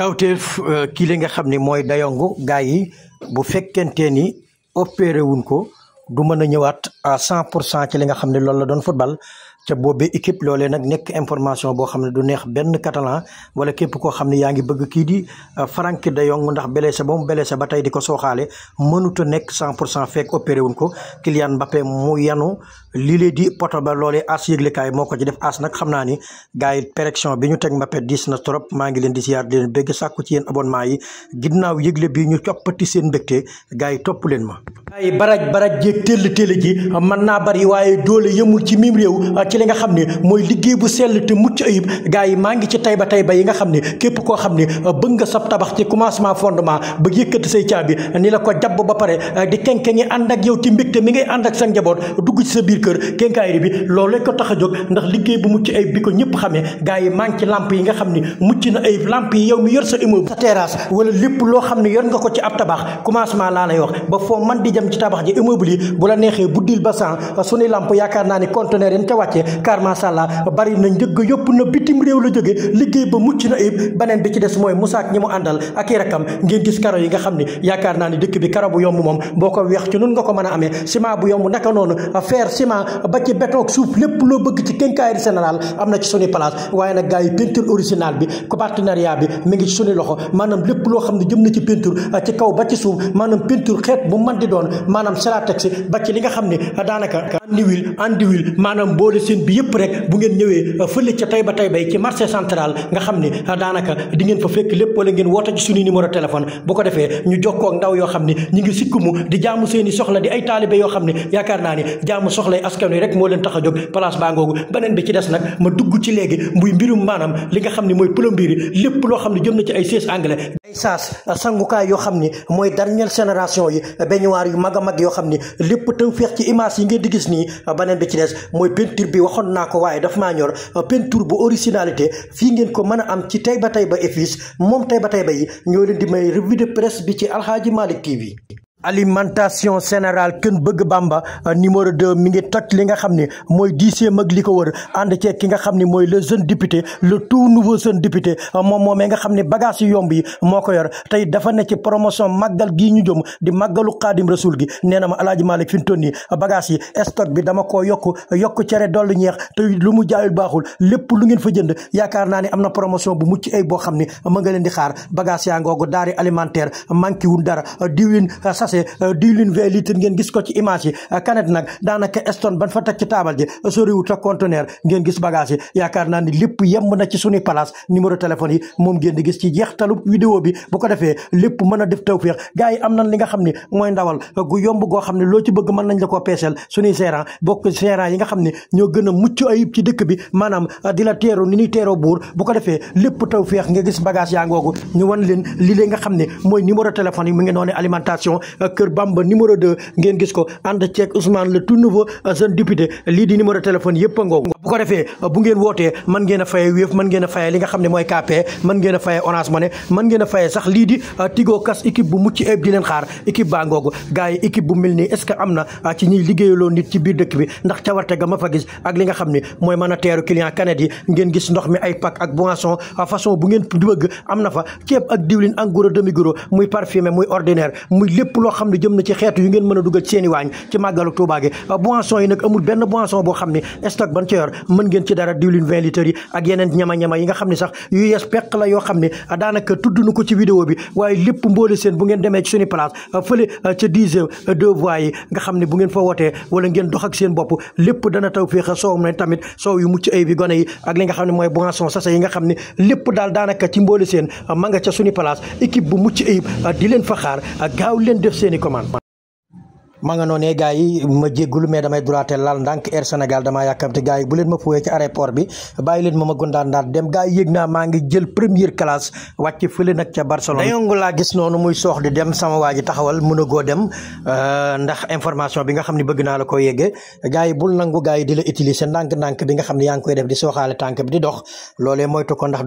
kawteef euh, kii li nga xam ne mooy dayongo gars yi bu fekkente ni opéré wuñ ko du mën a ñëwaat à cent pour cent ci li nga xam ne loolu la doon football ca boobu équipe loolee nag nekk information boo xam ne du neex benn catalan wala képp koo xam ne yaa ngi bëgg kii di euh, Frenkie de Jong ndax blessé ba mu blessé ba tey di ko sooxaale mënuta nekk cent pour cent fekk opéré wuñ ko Kylian Mbappé mu yanu lii lee di poto ba loolee as yëglekaay moo ko ci def as nag xam naa ni gars yi pérection bi ñu teg Mbappé diis na trop maa ngi leen di siyaar di leen bégg sàkku ci yéen abonnement yi ginnaaw yëgle bi ñu coppati seen mbégte gars yi topp leen ma ay baraj baraj jéeg téll téll ji mën naa bari waaye doole yëmul ci mim réew ah, ci li nga xam ne mooy liggéey bu sell te mucc ayib gars yi maa ngi ci tayba tayba yi nga xam ne képp koo xam ne ah, bëgg nga sab tabax ci commencement fondement ba yëkkati say caabi ah, ni la ko jabb ba pare di kenke ñi ak yow ci mbégte mi ngay ànd ak sa njaboot dugg ci sa biir kër kenkaayri bi loolu lañ ko tax a jóg ndax liggéey bu mucc ayib bi ko ñëpp xamee gars yi maa ngi ci làmp yi nga xam ni mucc na ayib lamp yi yow mi yor sa immeuble sa terrasse wala lépp loo xam ne yor nga ko ci ab tabax commencement laa lay wax ba foo man di dem ci tabax ji immobilier bu la neexee buddil basan suñu lamp yaakaar naa ni conteneur yan ca wàccee car masha Allah bari na njëgg yëpp na bitim réew la jóge liggéey ba mucc na ayib beneen bi ci des mooy Moussa ak ñi mu àndal ak i rakkam ngeen gis karo yi nga xam ni yaakaar naa ni dëkk bi karo bu yomb moom boo ko weex ci nun nga ko mën a amee ciment bu yomb naka noonu fer ciment ba ci béton suuf lépp loo bëgg ci quincaillerie générale am na ci suñu place waaye nag gars yi peinture originale bi ko bi mi ngi ci suñu loxo maanaam lépp loo xam ne jëm na ci peinture kaw ba ci maanaam peinture xeet bu man di doon maanaam salatex ba ci li nga xam ne daanaka andiwil andiwil maanaam boole seen bi yëpp rek bu ngeen ñëwee euh, fële ca Taïba Taïba yi ci marché central nga xam ne euh, daanaka di ngeen fa fekk lépp wala ngeen woote ci suñu numéro téléphone bu ko defee ñu jokkoo ak ndaw yoo xam ne ñu ngi sikkumu di jaamu seen i soxla di ay taalibe yoo xam ne yaakaar naa ni jaamu soxlay askan wi rek moo leen tax a jóg place baa ngoogu beneen bi ci des nag ma dugg ci léegi muy mbirum maanaam li nga xam ne mooy plombier yi lépp loo xam ne jëm na ay siège anglais ay saas sangukaay yoo xam ne mooy dernière génération yi mag a mag yoo xam ni lépp taw feex ci image yi ngeen di gis nii baneen bi ci des mooy peinture bi waxoon naa ko waaye daf maa ñor peinture bu originalité fii ngeen ko mën a am ci Taïba Taïba Office moom Taïba Taïba yi ñoo leen di may revue de presse bi ci Aladji Malick TV alimentation générale Kën Bëgg Bamba euh, numéro 2 mi ngi toj li nga xam ne mooy dixième ak li ko wër ànd ceeg ki nga xam ni mooy le jeune député le tout nouveau jeune député euh, moom moomee nga xam ne bagage yu yomb yi moo ko yor tey dafa ne ci promotion maggal gii ñu jom di màggalu xaadim rasul gi nee na ma alaaji Malick fi mu toll nii bagage yi stock bi dama ko yokk yokk cere dollu ñeex te lu mu jaayul baaxul lépp lu ngeen fa jënd yaakaar naa ne am na promotion bu mucc ay boo xam ne ma nga leen di xaar bagage yaa ngoogu daari alimentaire manqué wun dara euh, passé euh, diwlin vingt litres ngeen gis ko ci image yi canette euh, nag daanaka eston ban fa teg ci taabal ji euh, soriwut ak conteneur ngeen gis bagage yi yaakaar naa ni lépp yemb na ci suñu place numéro téléphone yi moom ngeen di gis ci talu vidéo bi bu ko defee lépp mën a def tawféex gars yi am nañ li nga xam ne mooy ndawal gu yomb goo xam ne loo ci bëgg mën nañ la koo peeseel suñuy gérant bokk gérant yi nga xam ne ñoo gën a mucc ayib ci dëkk bi maanaam di la teeroo ni ñuy teeroo buur bu ko defee lépp tawféex nga gis bagage yaa ngoogu ñu wan leen lii nga xam ne mooy numéro téléphone yi mu ngi noonu alimentation kër Bamba numéro 2 ngeen gis ko ànd ceeg Ousmane le tout nouveau jeune député lii di numéro téléphone yëpp a ngoogu bu ko defee bu ngeen wootee mën ngeen a faye wéef mën ngeen faye li nga xam ne mooy KP mën ngeen a faye Orange Money mën ngeen a faye sax lii di ah, Tigo Cash bu mucc ayib di leen xaar équipe baa ngoogu gars yi bu mel nii est-ce que am na ah, ci ñiy liggéeyaloo nit ci biir dëkk bi ndax cawarte ga ma fa gis ak li nga xam ni mooy mën a teeru client kanet ngeen gis ndox mi ay pack ak boisson ah, façon bu ngeen bëgg am na fa ceeb ak diwlin en gros demi gros muy parfumé muy ordinaire muy lépp loo xam ne jëm na ci xeetu yu ngeen mën a dugal ci seen i waañ ci màggalu Tuubaa gi euh, boisson yi nag amul benn boisson boo xam ne stock ban ci ngeen ci dara diwlin 20 litres yi ak yeneen yi nga xam ne sax yu yees peq la yoo xam ne daanaka tudd nu ko ci vidéo bi waaye lépp mboole seen bu ngeen demee ci suñu place euh, fële euh, ca 10 deux voies yi nga xam ne bu ngeen foo wootee wala ngeen dox ak seen bopp lépp dana taw féexa soow na tamit soow yu mucc ay bi gone ak li nga xam ne mooy boisson sachet yi nga xam ne lépp daal daanaka ci mboole seen ma nga suñu place équipe bu mucc ayib di leen fa xaar seen i commande ma nga noonee gars yi ma jéggul mais damay droité laal ndànk Air Sénégal damaa yàkkamte bu leen ma fuwee ci aéroport bi bàyyi leen ma ma gondaan daal dem gars yi yëg naa maa jël première classe wàcc fële nag ca Barcelone dayongu laa gis noonu muy soox di dem sama waa ji taxawal mën goo dem euh, ndax information bi nga xam ne bëgg naa la ko yéggee gars yi bul nangu gaa yi di la utiliser ndànk-ndànk bi nga xam ne yaa ngi koy def di sooxaale tànk bi di dox loolee moytu ko ndax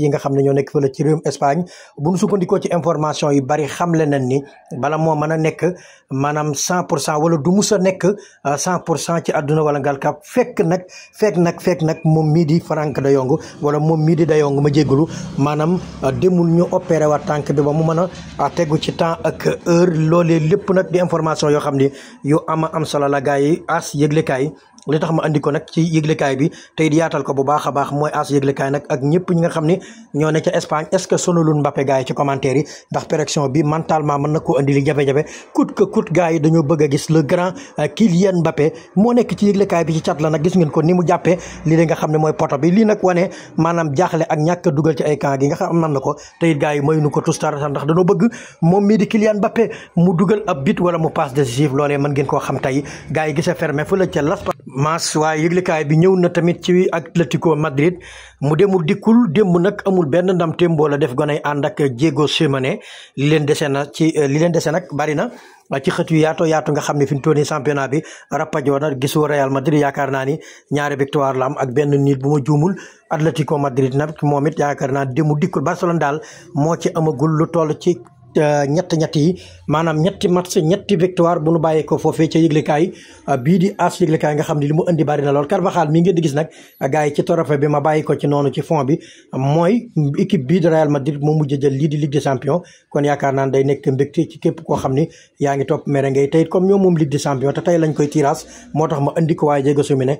nga xam ne ñoo nekk fële ci réewum Espagne bu ñu sukkandikoo ci information yu bari xam le nañ ni bala moo a cent pour cent wala du mus nekk euh, cent pour cent ci àdduna wala ngal kap fekk nag fekk nag fekk nag moom mii di da yongu wala moom mii di Dayong ma jégalu maanaam euh, demul ñu opéré wa tànk bi ba mu mën a tegu ci temps ak heure loolee lépp nag di information yoo xam ni yu ama am solo la gars yi as yëglekaay li tax ma andi ko nag ci yëglekaay bi te it yaatal ko bu baax a baax mooy as yëglekaay nag ak ñëpp ñi nga xam ne ñoo ne ca Espagne est-ce que sonalul Mbappé gars yi ci commentaire yi ndax pression bi mentalement mën na koo andi li jafe-jafe coûte que coûte gars dañoo bëgg gis le grand euh, Kylian Mbappé moo nekk ci yëglekaay bi ci cat la nag gis ngeen ko ni mu jàppee lii li nga xam ne mooy poto bi lii nag wane maanaam jaaxle ak ñàkk a dugal ci ay camp gi nga xam am na te it gars yi mayuñu ko tustar bëgg moom mii di Kylian Mbappé mu wala mu passe décisif loolee koo xam tey gars yi maas waaye yëglikaay bi ñëw na tamit ci Atlético Madrid mu demul dikkul démb nag amul benn ndam témboo la def gonay ànd ak Diego Simeone li leen dese na ci li leen dese nag bari na ci xët yu yaato yaatu nga xam ne fi mu toll nii championnat bi rappajoo na gisoo Real Madrid yaakaar naa ni ñaari victoire la ak benn nit bu ma juumul Atlético Madrid nag moom it yaakaar naa démul dikkul Barcelone daal moo ci amagul lu toll ci ñett ñett yi maanaam ñetti match ñetti victoire bu nu bàyyee ko foofee ca yëglekaay ah, bii di as yëglekaay nga xam ne li mu indi bari na lool Carvajal mi ngeen di gis nag a ah, yi ci trophée bi moo tax ma indi ko waaye jéego su ah, mi ne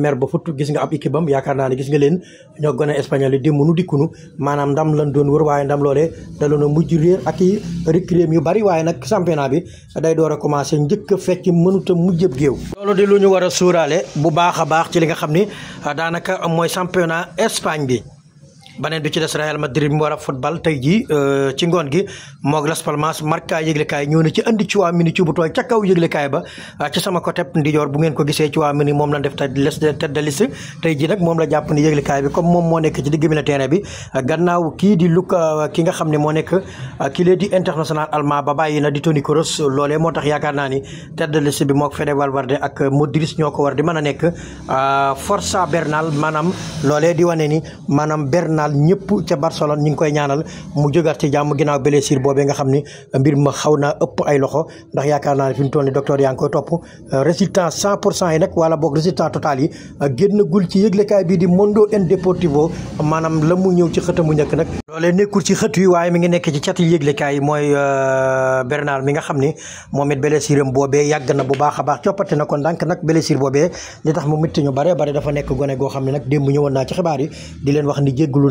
mi gis nga ab équipe yaakaar naa gis nga leen ñoo gën a espagnol yi démb nu dikkunu maanaam ndam lañ doon wër waaye ndam loolee da loona mujj réer ci yu bari waaye nag championnat bi day door a commencé njëkk a fecc mënuta mujjëb géew loolu di lu ñu war a suuraale bu baax a baax ci li nga xam ni daanaka mooy championnat Espagne bi baneen bi ci des Real Madrid mu war football tey euh, ci ngoon gi moog Las Palmas Marca yëglekaay ñëw na ci andi ci waa mini ci bu tooy ca kaw ba euh, ci sama côté ndijoor bu ngeen ko gisee ci waa mini moom la def tey les tête de liste tey jii nag moom la jàpp ni yëglekaay bi comme moom moo nekk ci digg mi la terrain bi euh, gannaaw kii di Luka ki nga xam ne moo nekk kii lee di international allemand ba bàyyi na di Toni Kroos moo tax yaakaar naa ni tête de liste bi moog Fede Valverde ak Modric ñoo ko war di a nekk daal ñëpp ca Barcelone ñu koy ñaanal mu jógaat ci jàmm ginnaaw blessure boobee nga xam ni mbir ma xaw naa ëpp ay loxo ndax yaakaar naa ne fi mu toll ni docteur yaa ngi koy topp résultat cent pour cent yi nag wala boog résultat total yi génn gul ci yëglekaay bii di Mundo en Deportivo la mu ñëw ci xët mu njëkk nag loolee nekkul ci xët yi waaye mi ngi nekk ci cati yëglekaay yi mooy euh, Bernal mi nga xam ni moom it blessure am boobee na bu baax a baax coppate na ko ndànk nag blessure boobee li tax mu mitti ñu bare goo xam ne nag démb ñëwoon naa ci xibaar yi di leen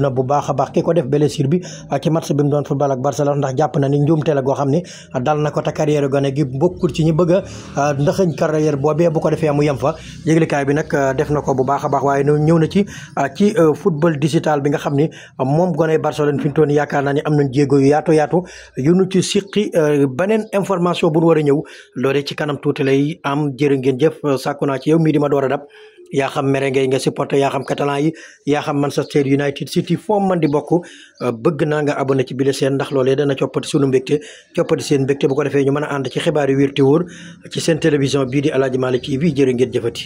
na bu baax a baax ki ko def blessure bi ci match bi mu doon football ak Barcelone ndax jàpp na ni njuumte la goo xam ne dal na ko te carrière gone gi bokkul ci a ndaxañ carrière boobee bu ko defee mu yem fa yëglikaay bi nag def na ko bu baax a baax waaye ñëw na ci ci football digital bi nga xam a moom gone Barcelone fi mu toll nii yaakaar naa ni am nañ jéego yu yaatu yaatu yu nu ci siqi beneen information bu nu war a ñëw loolee ci kanam tuuti lay am jërë ngeen jëf sàkku naa ci yow mii di ma door a dab yaa xam merengue nga supporté yaa xam catalan yi yaa xam Manchester United City foo man di bokk euh, bëgg naa nga abonné ci bile seen ndax loole dana coppati sunu mbégte coppati seen mbégte bu ko defee ñu mën a ànd ci xibaar yu wér te wóor ci seen télévision bii di Aladji Malick TV jërë ngeen jëfati